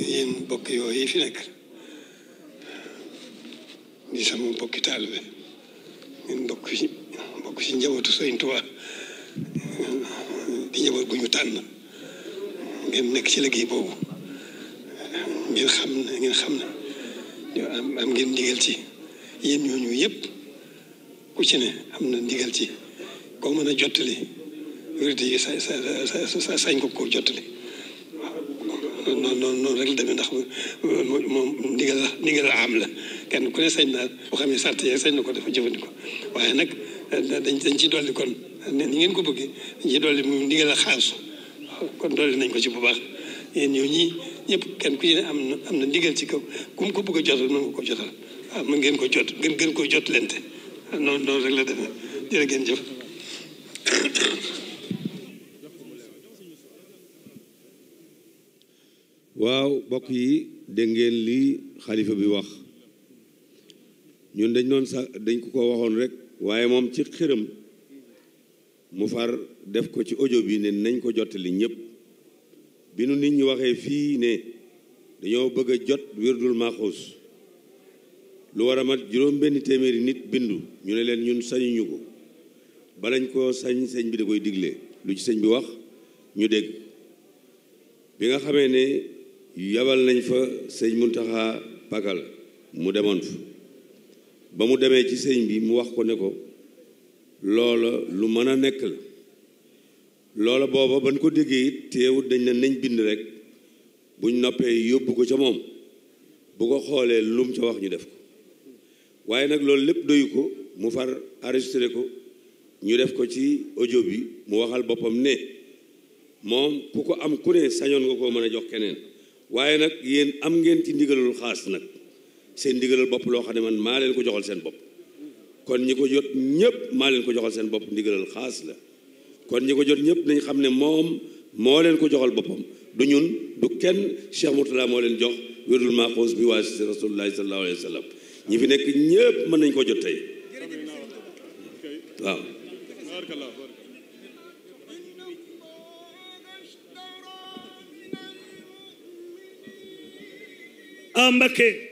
yéen mbokk yooyu yi fi nekk di sama mbokki taalibe ngeen mbokk ci mbokk ci njabootu Sëriñ Tuubaa tànn ngeen nekk ci liggéey boobu ngeen xam ne ngeen xam ne ñoo ndigal ci yéen ñooñu yëpp ku ci ne am na ndigal ci koo mën a jottali yi sa sa sañ ko koo jottali noonu noonu noonu rek la demee ndax moom ndigal la ndigal la am la kenn ku ne sañ daal boo xam ne sart yee sañ na ko dafa jëfandikoo waaye nag eh, dañ dañ ciy dolli kon ni ngeen ko bëggee dañ ciy dolli mu ndigal la xaalis kon dolli nañ ko ci bu baax yéen ñoo ñii ñëpp kenn ku ci am na am na ndigal ci kaw ku mu ko bëgg a jotal mën ko jotal waaw ah, mën ngeen ko jot gën gën ko jot lente ah, noonu noonu rek la demee jërë ngeen jëf waaw mbokk yi dégg ngeen li xalifa bi wax ñun dañ doon sax dañ ko ko waxoon rek waaye moom ci xërëm mu far def ko ci audio bi ne nañ ko jottali ñépp bi nu nit ñi waxee fii ne dañoo bëgg a jot wirdul maxuus lu war a mat juróom benn téeméeri nit bindu ñu ne leen ñun sañuñu ko balañ koo sañ sañ bi da koy digle lu ci sëñ bi wax ñu dégg bi nga xamee ne yabal nañ fa sëñ Muntaxa Pakal mu demoon fa ba mu demee ci sëñ bi mu wax ko ne ko loola lu mën a nekk la loola booba ban ko déggee it teewut dañ ne nañ bind rek buñ noppee yóbbu ko ca moom bu ko xoolee lum ca wax ñu def ko waaye nag loolu lépp doyu ko mu far enregistré ko ñu def ko ci ojo bi mu waxal boppam ne moom ku ko am ku ne sañoon nga koo mën a jox keneen waaye nag yéen am ngeen ci ndigalul xaas nag seen ndigalul bopp loo xam ne man maa leen ko joxal seen bopp kon ñi ko jot ñëpp maa leen ko joxal seen bopp ndigalul xaas la kon ñi ko jot ñëpp nañ xam ne moom moo leen ko joxal boppam du ñun du kenn Cheikh Mourtala moo leen jox wérul maaxoos bi waa si rasulullahi sallallahu alayhi wa sallam ñi fi nekk ñëpp mën nañ ko jot tey waaw ambake